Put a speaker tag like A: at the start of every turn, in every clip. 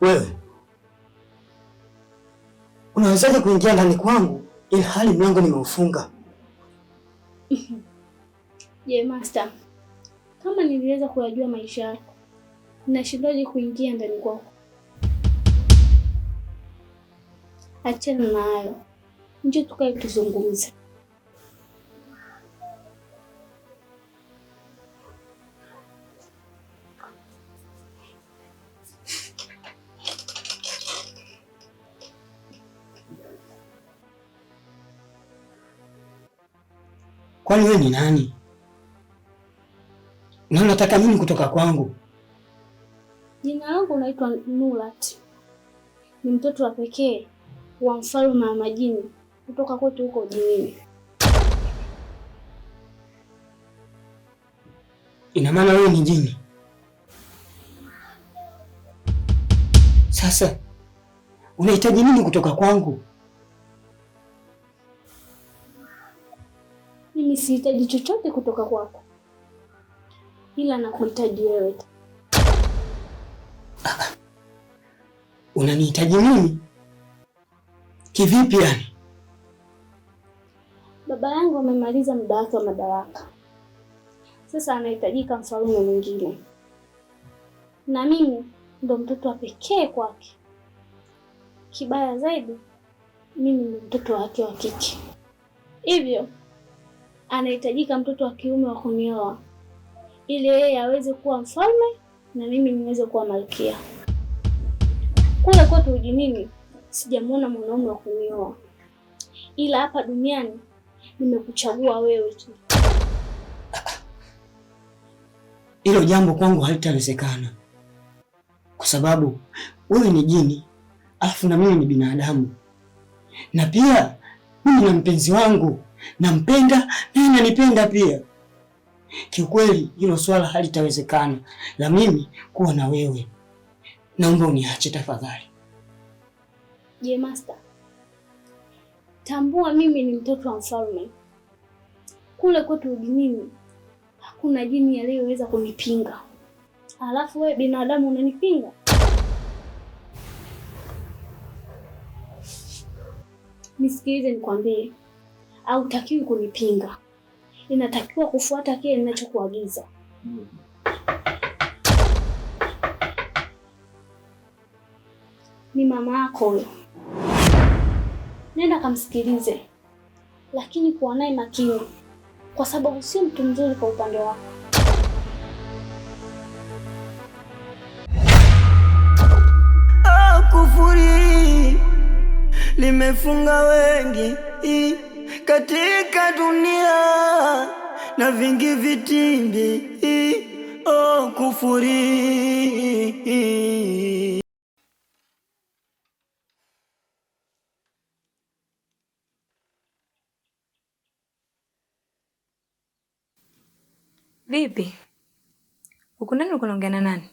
A: Wewe unawezaje kuingia ndani kwangu ili hali mlango nimeufunga?
B: Je, yeah, master, kama niliweza kuyajua maisha yako, nashindaje kuingia ndani kwako? Achana na hayo, nje tukae tuzungumze.
A: Kwani wewe ni nani na unataka nini kutoka kwangu?
B: Jina langu naitwa Nurat, ni mtoto wa pekee wa mfalme wa majini kutoka kwetu huko jini.
A: Ina maana wewe ni jini? Sasa unahitaji nini kutoka kwangu?
B: Mimi sihitaji chochote kutoka kwako, ila nakuhitaji wewe.
A: Unanihitaji mimi? Kivipi yani?
B: Baba yangu amemaliza muda wake wa madaraka, sasa anahitajika mfalme mwingine, na mimi ndo mtoto wa pekee kwake. Kibaya zaidi, mimi ndo mtoto wake wa kike, hivyo anahitajika mtoto wa kiume wa kunioa ili yeye aweze kuwa mfalme na mimi niweze kuwa malkia. Kule kwetu ujinini sijamwona mwanaume wa kunioa, ila hapa duniani nimekuchagua wewe tu.
A: Hilo jambo kwangu halitawezekana kwa sababu wewe ni jini, alafu na mimi ni binadamu, na pia mimi na mpenzi wangu nampenda naye nanipenda pia. Kiukweli hilo swala halitawezekana la mimi kuwa na wewe. Naomba uniache tafadhali.
B: Je, Master, tambua mimi ni mtoto wa mfalme. Kule kwetu ujinini hakuna jini aliyeweza kunipinga, alafu wewe binadamu unanipinga? Nisikilize nikwambie, hautakiwi kunipinga, inatakiwa kufuata kile ninachokuagiza. Ni mama yako huyo nenda kamsikilize, lakini kuwa naye makini, kwa sababu sio mtu mzuri kwa upande wako.
C: Ah, kufuri limefunga wengi katika dunia na vingi vitimbi. Oh, kufuri
D: Vipi uko ndani, uko naongea na nani?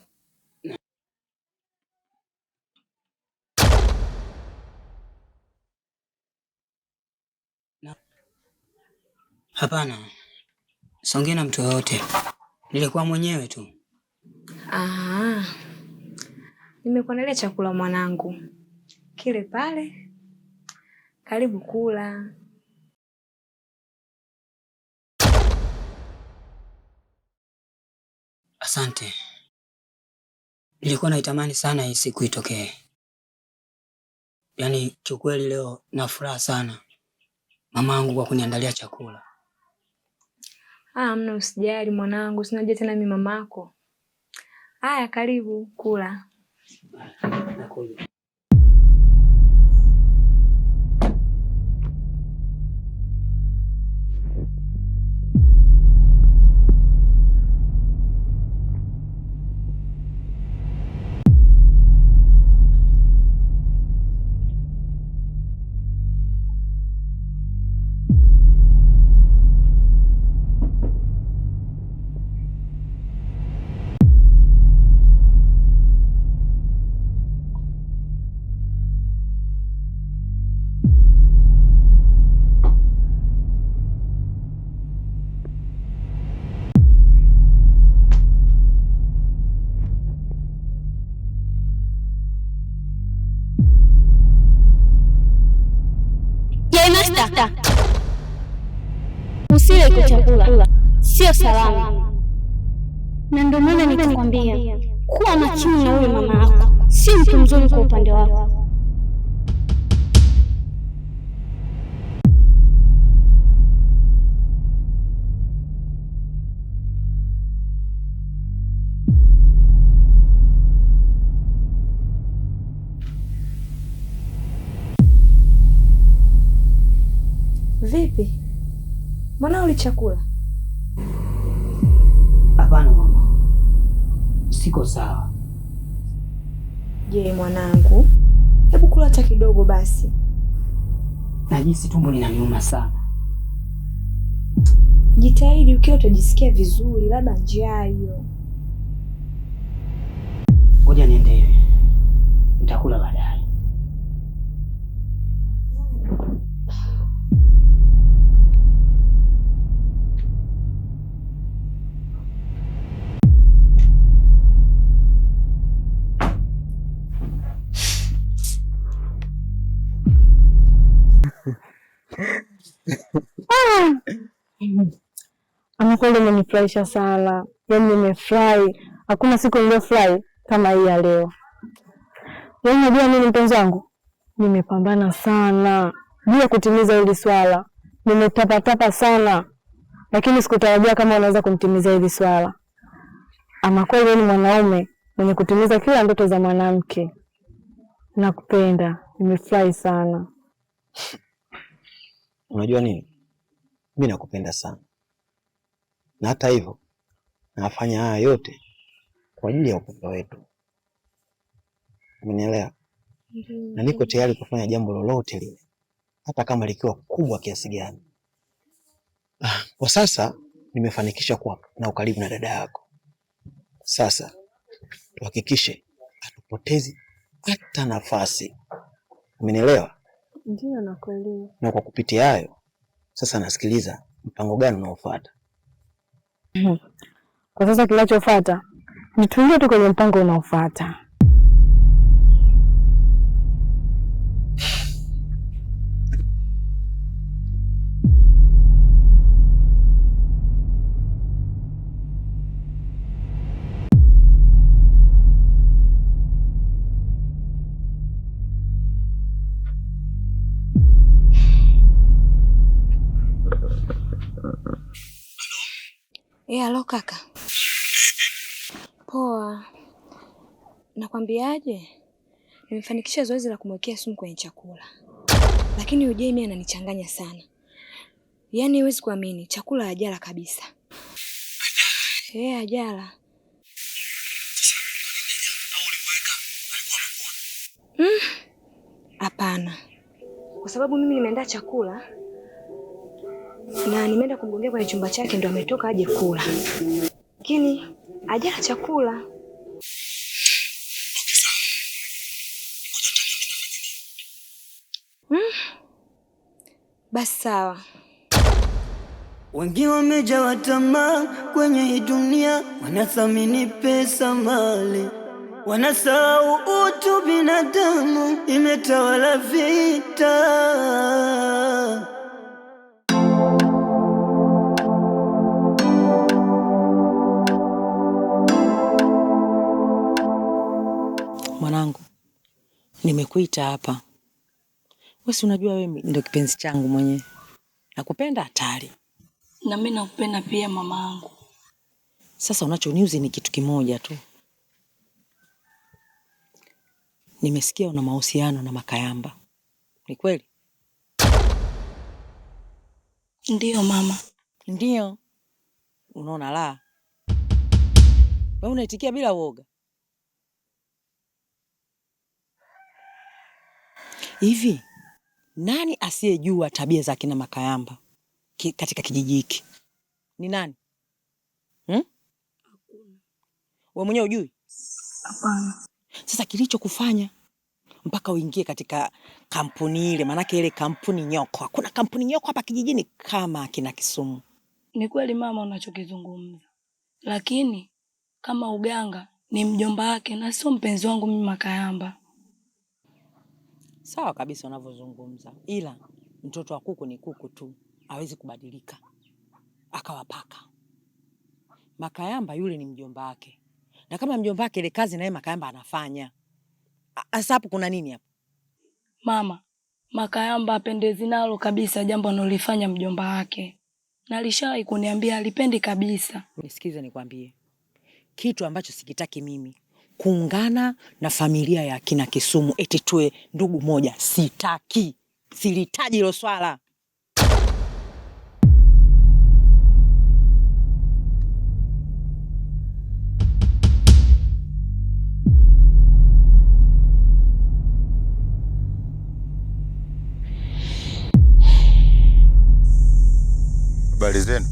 A: Hapana, songe na mtu yoyote, nilikuwa mwenyewe tu.
D: Aha, nimekuandalia chakula mwanangu, kile pale, karibu kula.
A: Asante. Nilikuwa naitamani sana hii siku itokee. Yaani kiukweli leo na furaha sana mama yangu kwa kuniandalia chakula.
D: Ah, mna usijali mwanangu, sinajua tena mimi mamako. Haya, karibu kula.
A: Nakuja.
B: Usile iko chakula sio salama, na ndio maana nikakwambia kuwa makini na huyo mama yako, si mtu mzuri kwa upande wako.
D: Vipi, mbona uli chakula?
A: Hapana mama, siko sawa.
D: Je, mwanangu, hebu kula hata kidogo basi.
A: Najisi tumbo linaniuma sana.
D: Jitahidi ukiwa utajisikia vizuri, labda njaa hiyo.
A: Ngoja niende hivi, nitakula baadaye.
E: imenifurahisha sana, yani nimefurahi, hakuna siku niliyofurahi kama hii ya leo. Yani najua mimi mpenzi wangu, nimepambana sana juu ya kutimiza hili swala, nimetapatapa sana, lakini sikutarajia kama unaweza kumtimiza hili swala. Ama kweli ni mwanaume mwenye kutimiza kila ndoto za mwanamke. Nakupenda, nimefurahi sana.
A: Unajua nini, mi nakupenda sana na hata hivyo nafanya haya yote kwa ajili ya upendo wetu, umenielewa? Na niko tayari kufanya jambo lolote lile, hata kama likiwa kubwa kiasi gani. Kwa sasa nimefanikisha kuwa na ukaribu na dada yako. Sasa tuhakikishe hatupotezi hata nafasi, umenielewa?
D: Ndio, nakuelewa.
A: Na kwa kupitia hayo sasa, nasikiliza mpango gani unaofuata.
E: Kwa sasa kinachofuata tuingie tu kwenye mpango unaofuata.
D: E, alo kaka. Poa. Nakwambiaje? Nimefanikisha zoezi la kumwekea sumu kwenye chakula, lakini ujei Jamie ananichanganya sana, yaani huwezi kuamini, chakula ajala kabisa. Ajala? Eh, ajala. Hmm? Hapana, mm, kwa sababu mimi nimeandaa chakula na nimeenda kumgongea kwenye chumba chake, ndo ametoka aje kula, lakini ajala chakula. Hmm. Basi sawa. Wengi wamejawa tamaa kwenye hii dunia, wanathamini pesa, mali, wanasahau utu binadamu, imetawala
F: vita nimekuita hapa. Wewe si unajua wewe ndio kipenzi changu mwenye Nakupenda hatari.
B: Na mimi nakupenda pia mamaangu.
F: Sasa unachoniuzi ni kitu kimoja tu. Nimesikia una mahusiano na Makayamba. Ni kweli?
B: Ndiyo mama.
F: Ndiyo. Unaona la. Wewe unaitikia bila woga Hivi nani asiyejua tabia za kina Makayamba ki, katika kijiji hiki ni nani hmm? Wewe mwenyewe hujui? Hapana. Sasa kilichokufanya mpaka uingie katika kampuni ile, maanake ile kampuni nyoko. kuna kampuni nyoko hapa kijijini kama akina Kisumu.
B: Ni kweli mama unachokizungumza, lakini kama uganga ni mjomba wake na sio mpenzi wangu mimi Makayamba.
F: Sawa kabisa unavyozungumza, ila mtoto wa kuku ni kuku tu, hawezi kubadilika akawa paka. Makayamba yule ni mjomba wake, na kama mjomba wake ile kazi naye Makayamba anafanya. Sasa hapo kuna nini hapo
B: mama? Makayamba apendezi nalo kabisa jambo analolifanya mjomba wake, na alishawahi kuniambia alipendi kabisa.
F: Nisikize nikwambie kitu ambacho sikitaki mimi kuungana na familia ya kina Kisumu eti tuwe ndugu moja. Sitaki, silitaji hilo swala.
G: Habari zenu?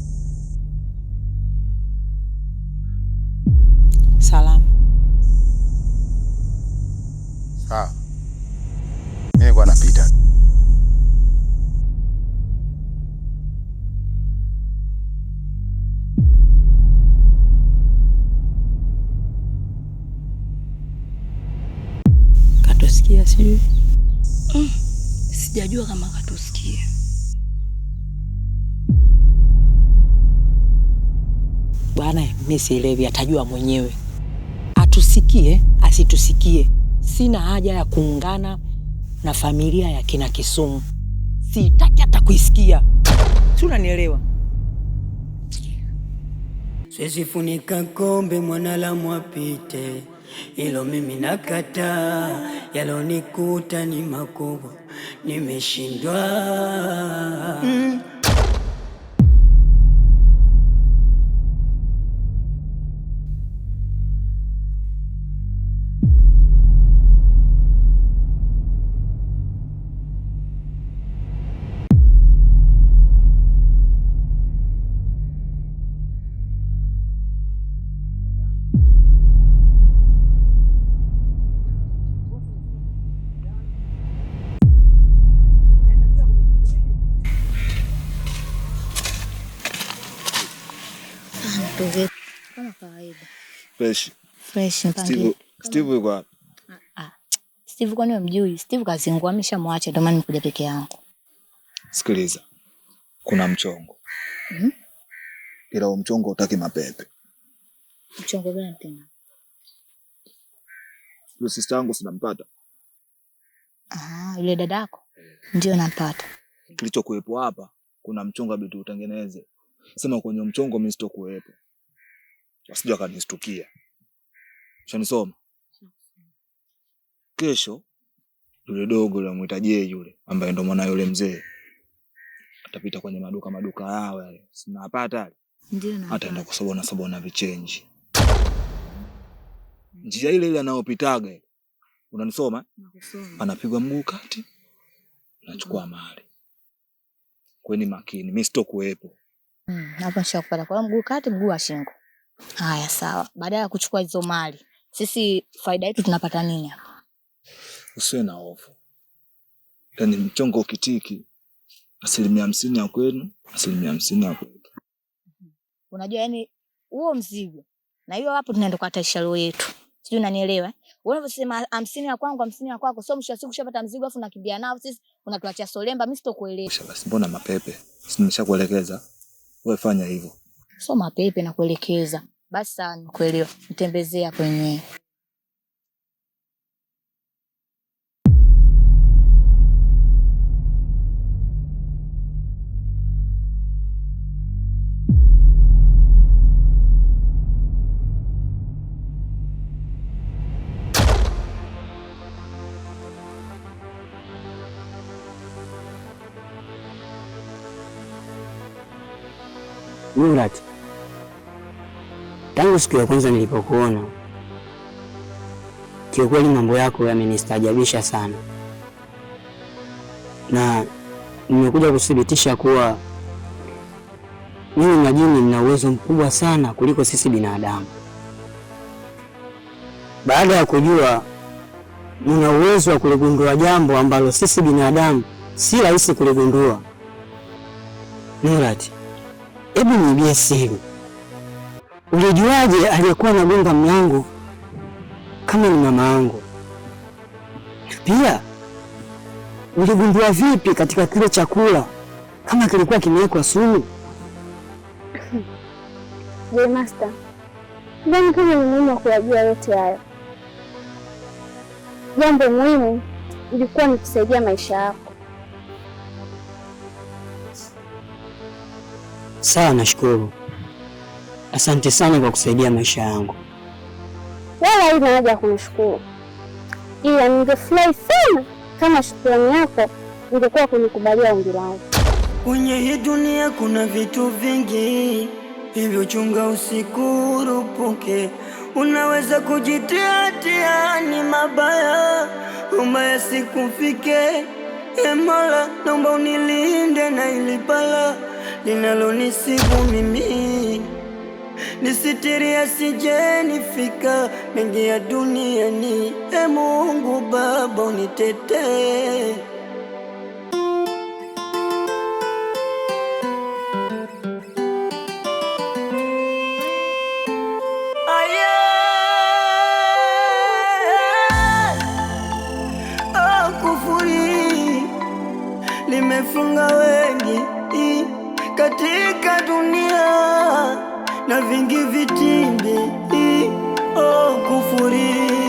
G: Salamu. Sawa, ah. mimi nilikuwa napita.
F: Katusikia sijui,
B: mm, sijajua kama katusikia
F: bwana. Mimi sielewi, atajua mwenyewe, atusikie asitusikie Sina haja ya kuungana na familia ya kina Kisumu, sitaki hata kuisikia. Si unanielewa?
C: Siwezi funika kombe mwanalamu apite, ilo mimi nakataa. Yalonikuta ni makubwa, nimeshindwa mm.
G: fresh. Fresh Steve yuko wapi? Ah.
D: Steve kwani umjui? Steve kazingua ameshamwacha ndio maana nimekuja peke yangu.
G: Sikiliza. Kuna mchongo. Mhm. Mm Ila huo mchongo utaki mapepe.
D: Mchongo gani tena?
G: Yule sister yangu sinampata.
D: Ah, yule dadako? Eh. Ndio nampata.
G: Kilichokuwepo hapa kuna mchongo abidi utengeneze. Sema kwenye mchongo mimi sitokuwepo wasije wakanistukia. Shanisoma kesho, yule dogo namwitajie yule ambaye ndo mwana yule mzee atapita kwenye maduka maduka yao yale, sinapata ataenda kusobona sobona vichenji njia ile ile anayopitaga ile, unanisoma? Anapigwa mguu kati, nachukua mali. Kweni makini, mi sitokuwepo
D: mm, hapa. Nishakupata kwa mguu kati, mguu wa shingo Haya, sawa. Baada ya kuchukua hizo mali, sisi faida yetu tunapata nini hapa?
G: Usiwe na hofu, yaani mchongo ukitiki, asilimia hamsini ya kwenu, asilimia hamsini ya kwetu. Mm-hmm.
D: Unajua, yani huo mzigo na hiyo hapo tunaenda kwa taishalo yetu, sijui unanielewa. Eh? Wewe unavyosema hamsini ya kwangu, hamsini ya kwako, sio mwisho wa siku ushapata mzigo afu unakimbia nao, sisi unatuachia solemba. Mimi sitokuelewa.
G: Basi mbona mapepe? Si nimeshakuelekeza wewe, fanya hivyo
D: soma pepe na kuelekeza. Basi sawa, nimekuelewa, nitembezee kwenye wenyewe.
H: Tangu siku ya kwanza nilipokuona, kiukweli mambo yako yamenistaajabisha sana, na nimekuja kuthibitisha kuwa mimi majini nina uwezo mkubwa sana kuliko sisi binadamu. Baada ya kujua nina uwezo wa kuligundua jambo ambalo sisi binadamu si rahisi kuligundua, Nurati, hebu niibie siri Ulijuaje aliyekuwa anagonga mlango kama ni mama yangu? Pia uligundua vipi katika kile chakula kama kilikuwa kimewekwa sumu?
B: Je, master, sidhani kama ni muhimu wa kuyajua yote hayo. Jambo muhimu ilikuwa ni kusaidia maisha yako.
A: Sawa, nashukuru. Asante sana kwa kusaidia maisha yangu.
B: Wala haina haja ya kunishukuru, ila ningefurahi sana kama shukrani yako ingekuwa kunikubalia ombi langu. Kwenye hii dunia kuna vitu vingi, hivyo chunga usikurupuke. Unaweza kujitia tiani mabaya, umaya sikufike. Emola, ee naomba unilinde na ilibala linalonisibu mimi nisitiri sije nifika mengi ya duniani. E ee Mungu Baba unitetee limefunga oh, wengi katika dunia na vingi vitimbi, oh, kufuri